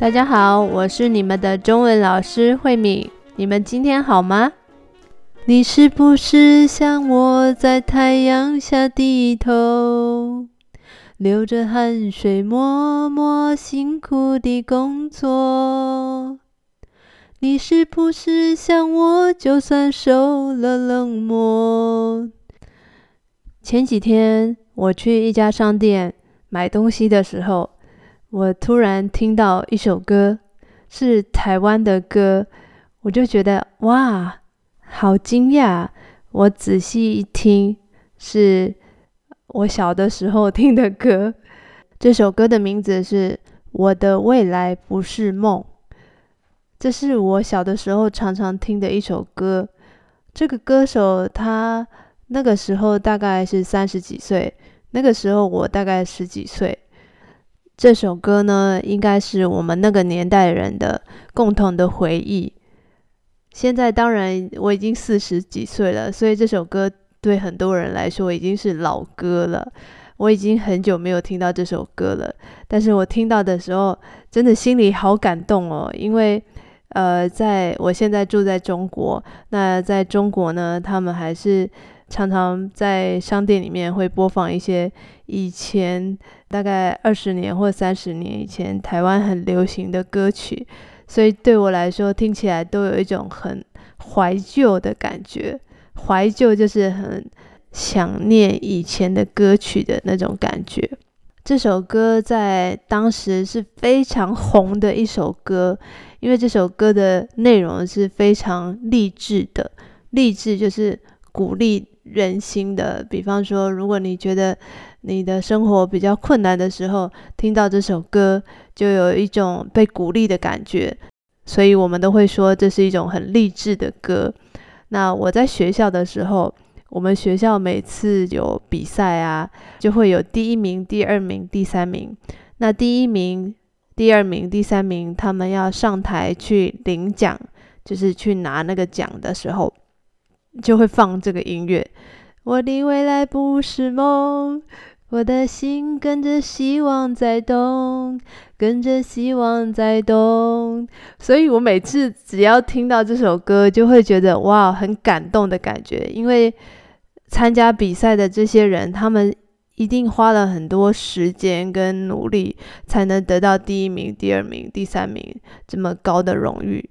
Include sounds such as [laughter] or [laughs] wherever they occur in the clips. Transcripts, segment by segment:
大家好，我是你們的中文老師慧敏。你們今天好嗎？你是不是像我在太陽下低頭，流着汗水，默默辛苦的工作？你是不是像我就算受了冷漠？前幾天我去一家商店買東西的時候，我突然聽到一首歌，是台灣的歌，我就覺得哇，好驚訝！我仔細一聽，是我小的時候聽的歌。這首歌的名字是《我的未來不是夢》，這是我小的時候常常聽的一首歌。這個歌手他那個時候大概是三十幾歲，那個時候我大概十幾歲。這首歌呢，應該是我們那個年代人的共同的回憶。現在當然我已經四十幾歲了，所以這首歌對很多人來說已經是老歌了。我已經很久沒有聽到這首歌了，但是我聽到的時候真的心裡好感動哦，因為。呃，在我現在住在中國，那在中國呢，他們還是常常在商店裡面會播放一些以前大概二十年或三十年以前台灣很流行的歌曲，所以對我來說聽起來都有一種很懷舊的感覺。懷舊就是很想念以前的歌曲的那種感覺。這首歌在當時是非常紅的一首歌，因為這首歌的內容是非常勵志的，勵志就是鼓勵人心的。比方說，如果你覺得你的生活比較困難的時候，聽到這首歌就有一種被鼓勵的感覺，所以我們都會說這是一種很勵志的歌。那我在學校的時候。我們學校每次有比賽啊，就會有第一名、第二名、第三名。那第一名、第二名、第三名他們要上台去領獎，就是去拿那個獎的時候，就會放這個音樂。我的未來不是夢，我的心跟着希望在動，跟着希望在動。所以我每次只要聽到這首歌，就會覺得哇，很感動的感覺，因為。參加比賽的這些人，他們一定花了很多時間跟努力，才能得到第一名、第二名、第三名這麼高的榮譽。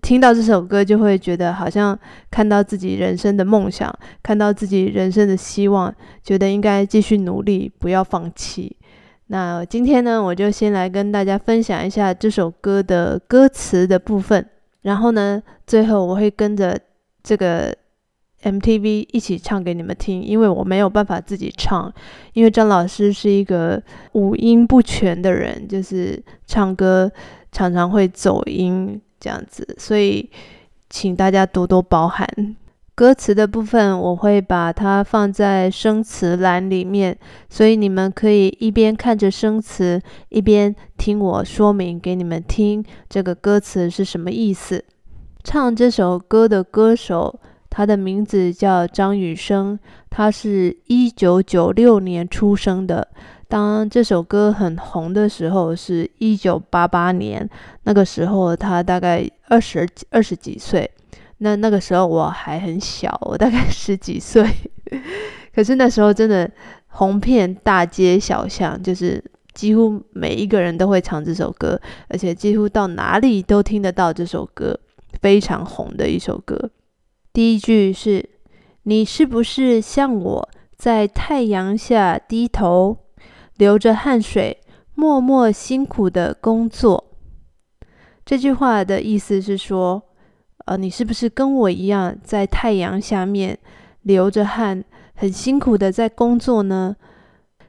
聽到這首歌就會覺得好像看到自己人生的夢想，看到自己人生的希望，覺得應該繼續努力，不要放棄。那今天呢，我就先來跟大家分享一下這首歌的歌詞的部分，然後呢，最後我會跟着這個。MTV 一起唱給你們聽，因為我沒有辦法自己唱，因為張老師是一個五音不全的人，就是唱歌常常會走音這樣子，所以請大家多多包涵。歌詞的部分我會把它放在生詞欄裡面，所以你們可以一邊看着生詞，一邊聽我說明給你們聽這個歌詞是什麼意思。唱這首歌的歌手。他的名字叫張雨生，他是一九九六年出生的。當這首歌很紅的時候，是一九八八年，那個時候他大概二十二十幾歲。那那個時候我還很小，我大概十幾歲。 [laughs] 可是那時候真的紅遍大街小巷，就是幾乎每一個人都會唱這首歌，而且幾乎到哪裡都聽得到這首歌，非常紅的一首歌。第一句是：“你是不是像我在太陽下低頭，流着汗水，默默辛苦的工作？”這句話的意思是說，呃，你是不是跟我一樣在太陽下面流着汗，很辛苦的在工作呢？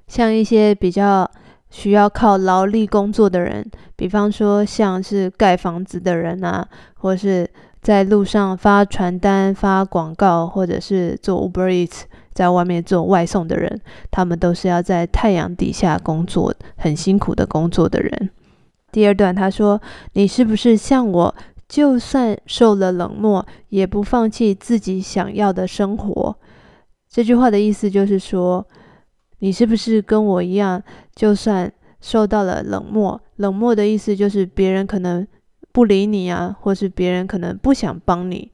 像一些比較需要靠勞力工作的人，比方說像是蓋房子的人啊，或是……在路上發傳單、發廣告，或者是做 Uber Eats，在外面做外送的人，他們都是要在太陽底下工作、很辛苦的工作的人。第二段，他說：“你是不是像我，就算受了冷漠，也不放棄自己想要的生活？”這句話的意思就是說，你是不是跟我一樣，就算受到了冷漠，冷漠的意思就是別人可能，不理你啊，或是別人可能不想幫你。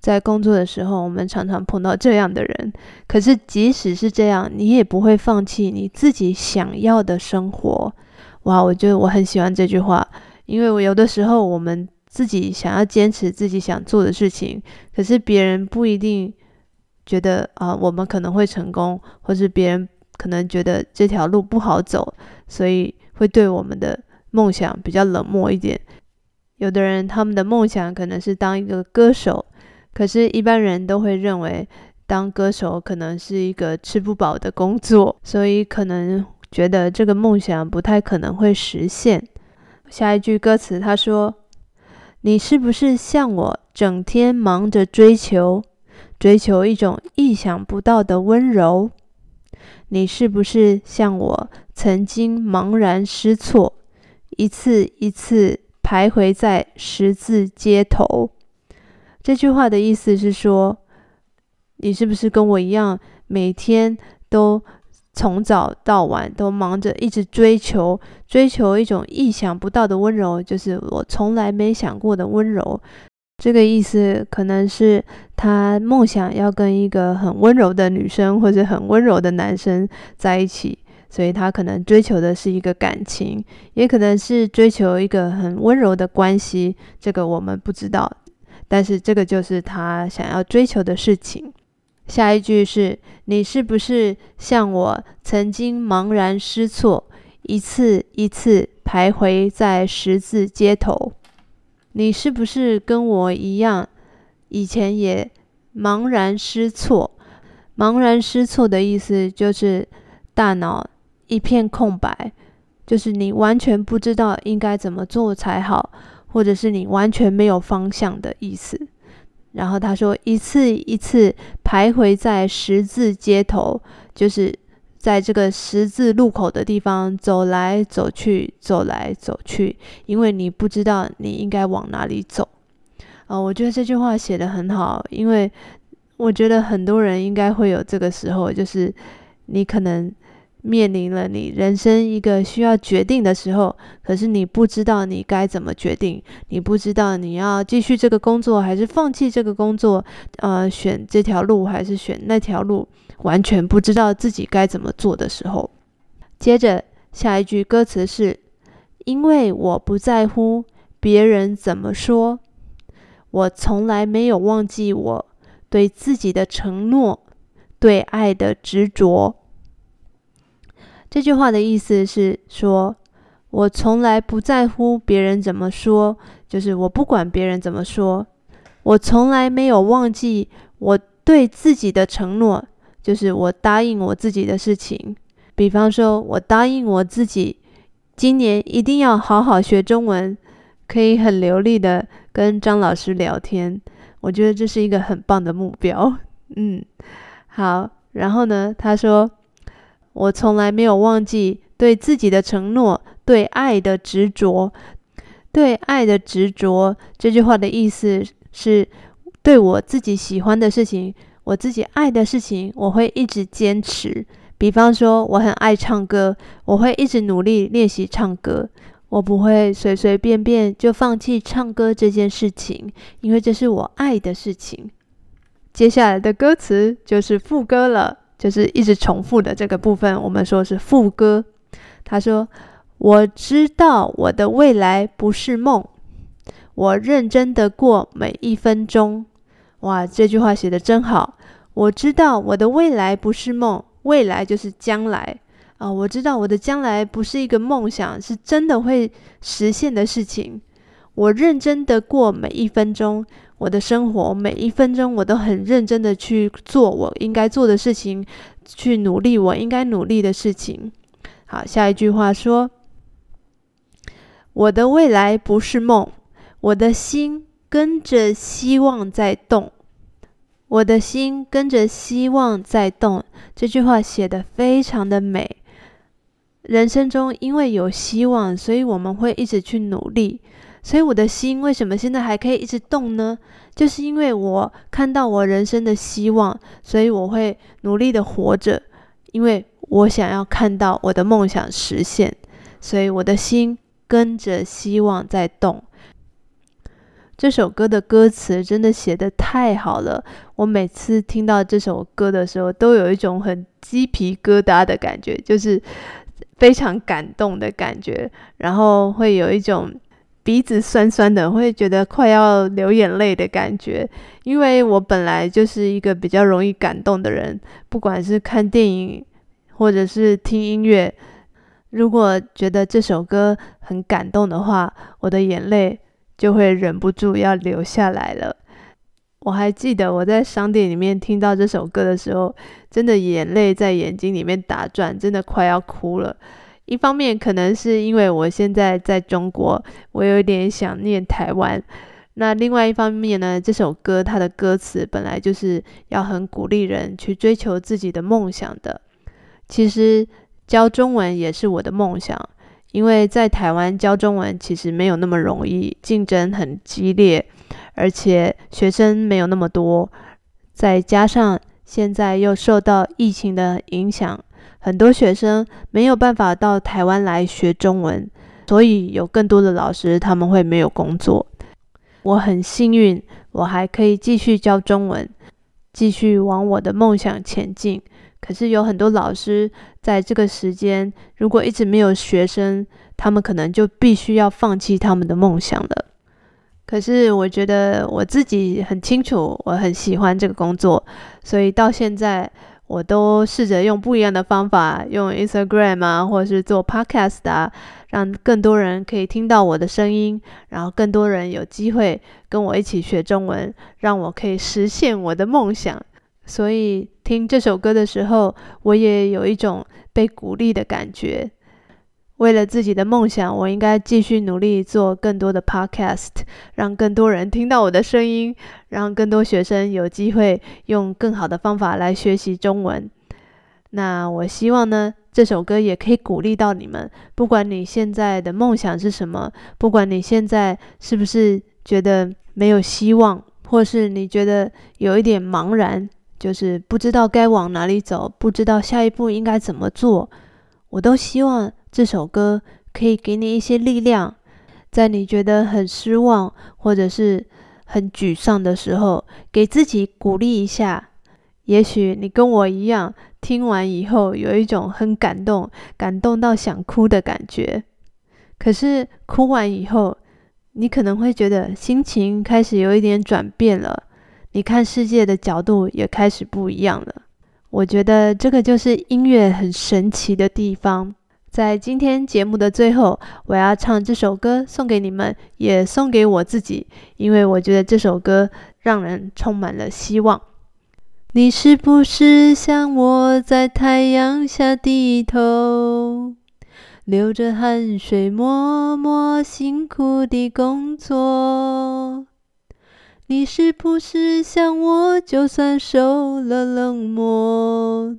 在工作的時候，我們常常碰到這樣的人。可是，即使是這樣，你也不會放棄你自己想要的生活。哇，我覺得我很喜歡這句話，因為我有的時候我們自己想要堅持自己想做的事情，可是別人不一定覺得啊、呃，我們可能會成功，或是別人可能覺得這條路不好走，所以會對我們的夢想比較冷漠一點。有的人他們的夢想可能是當一個歌手，可是，一般人都會認為當歌手可能是一個吃不飽的工作，所以可能覺得這個夢想不太可能會實現。下一句歌詞他說：“你是不是像我，整天忙着追求，追求一種意想不到的溫柔？你是不是像我，曾經茫然失措，一次一次。”徘徊在十字街頭，這句話的意思是說，你是不是跟我一樣，每天都從早到晚都忙着一直追求，追求一種意想不到的溫柔，就是我從來沒想過的溫柔。這個意思可能是他夢想要跟一個很溫柔的女生或者很溫柔的男生在一起。所以他可能追求的是一個感情，也可能是追求一個很溫柔的關係，這個我們不知道。但是這個就是他想要追求的事情。下一句是，你是不是像我曾經茫然失措，一次一次徘徊在十字街頭？你是不是跟我一樣，以前也茫然失措？茫然失措的意思就是大腦。一片空白，就是你完全不知道應該怎麼做才好，或者是你完全沒有方向的意思。然後他說：“一次一次徘徊在十字街頭，就是在這個十字路口的地方走來走去，走來走去，因為你不知道你應該往哪裡走。”哦，我覺得這句話寫得很好，因為我覺得很多人應該會有這個時候，就是你可能。面臨了你人生一個需要決定的時候，可是你不知道你該怎麼決定，你不知道你要繼續這個工作還是放棄這個工作，呃，選這條路還是選那條路，完全不知道自己該怎麼做的時候。接着下一句歌詞是：因為我不在乎別人怎麼說，我從來沒有忘記我對自己的承諾，對愛的執着。這句話的意思是說，我從來不在乎別人怎麼說，就是我不管別人怎麼說，我從來沒有忘記我對自己的承諾，就是我答應我自己的事情。比方說，我答應我自己，今年一定要好好學中文，可以很流利的跟張老師聊天。我覺得這是一個很棒的目標。嗯，好，然後呢，他說。我從來沒有忘記對自己的承諾，對愛的執着。對愛的執着這句話的意思是，對我自己喜歡的事情，我自己愛的事情，我會一直堅持。比方說，我很愛唱歌，我會一直努力練習唱歌，我不會隨隨便便就放棄唱歌這件事情，因為這是我愛的事情。接下來的歌詞就是副歌了。就是一直重複的這個部分，我們說是副歌。他說：“我知道我的未來不是夢，我認真的過每一分鐘。”哇，這句話寫得真好！我知道我的未來不是夢，未來就是將來啊、呃！我知道我的將來不是一個夢想，是真的會實現的事情。我認真的過每一分鐘，我的生活每一分鐘我都很認真的去做我應該做的事情，去努力我應該努力的事情。好，下一句話說：“我的未來不是夢，我的心跟着希望在動，我的心跟着希望在動。”這句話寫得非常的美。人生中因為有希望，所以我們會一直去努力。所以我的心為什麼現在還可以一直動呢？就是因為我看到我人生的希望，所以我會努力的活着，因為我想要看到我的夢想實現，所以我的心跟着希望在動。這首歌的歌詞真的寫得太好了，我每次聽到這首歌的時候，都有一種很雞皮疙瘩的感覺，就是非常感動的感覺，然後會有一種。鼻子酸酸的，會覺得快要流眼淚的感覺。因為我本來就是一個比較容易感動的人，不管是看電影或者是聽音樂，如果覺得這首歌很感動的話，我的眼淚就會忍不住要流下來了。我還記得我在商店裡面聽到這首歌的時候，真的眼淚在眼睛裡面打轉，真的快要哭了。一方面可能是因為我現在在中國，我有一點想念台灣。那另外一方面呢，這首歌它的歌詞本來就是要很鼓勵人去追求自己的夢想的。其實教中文也是我的夢想，因為在台灣教中文其實沒有那麼容易，競爭很激烈，而且學生沒有那麼多，再加上現在又受到疫情的影響。很多學生沒有辦法到台灣來學中文，所以有更多的老師他們會沒有工作。我很幸運，我還可以繼續教中文，繼續往我的夢想前進。可是有很多老師在這個時間，如果一直沒有學生，他們可能就必須要放棄他們的夢想了。可是我覺得我自己很清楚，我很喜歡這個工作，所以到現在。我都試着用不一樣的方法，用 Instagram 啊，或者是做 Podcast 啊，讓更多人可以聽到我的聲音，然後更多人有機會跟我一起學中文，讓我可以實現我的夢想。所以聽這首歌的時候，我也有一種被鼓勵的感覺。為了自己的夢想，我應該繼續努力做更多的 podcast，讓更多人聽到我的聲音，讓更多學生有機會用更好的方法來學習中文。那我希望呢，這首歌也可以鼓勵到你們。不管你現在的夢想是什麼，不管你現在是不是覺得沒有希望，或是你覺得有一點茫然，就是不知道該往哪裡走，不知道下一步應該怎麼做，我都希望。這首歌可以給你一些力量，在你覺得很失望或者是很沮喪的時候，給自己鼓勵一下。也許你跟我一樣，聽完以後有一種很感動、感動到想哭的感覺。可是哭完以後，你可能會覺得心情開始有一點轉變了，你看世界的角度也開始不一樣了。我覺得這個就是音樂很神奇的地方。在今天節目的最後，我要唱這首歌送給你們，也送給我自己，因為我覺得這首歌讓人充滿了希望。你是不是像我在太陽下低頭，流着汗水默默辛苦的工作？你是不是像我就算受了冷漠？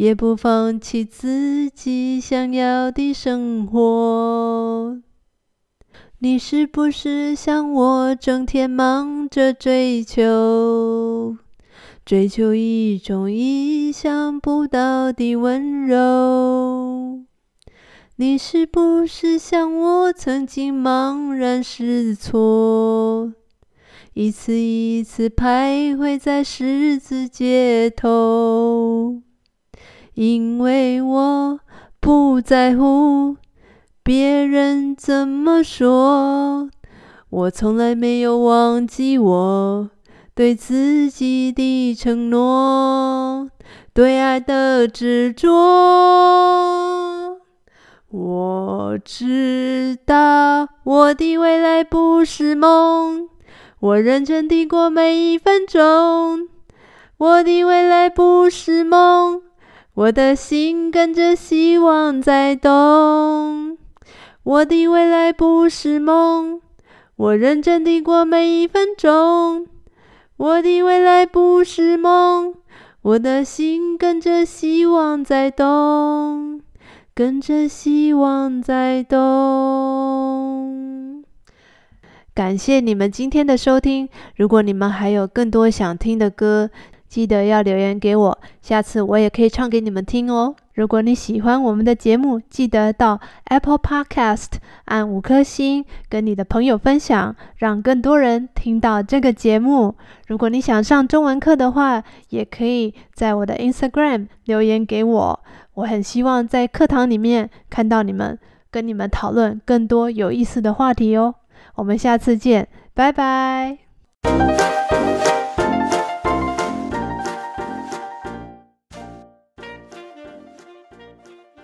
也不放棄自己想要的生活。你是不是像我，整天忙着追求，追求一種你想不到的溫柔？你是不是像我，曾經茫然失措，一次一次徘徊在十字街頭？因為我不在乎別人怎麼說，我從來沒有忘記我對自己的承諾，對愛的執着。我知道我的未來不是夢，我認真地過每一分鐘。我的未來不是夢。我的心跟着希望在動，我的未來不是夢，我認真的過每一分鐘，我的未來不是夢。我的心跟着希望在動，跟着希望在動。感謝你們今天的收聽，如果你們還有更多想聽的歌。記得要留言給我，下次我也可以唱給你們聽哦。如果你喜歡我們的節目，記得到 Apple Podcast 按五顆星，跟你的朋友分享，讓更多人聽到這個節目。如果你想上中文課的話，也可以在我的 Instagram 留言給我，我很希望在課堂裡面看到你們，跟你們討論更多有意思的話題哦。我們下次見，拜拜。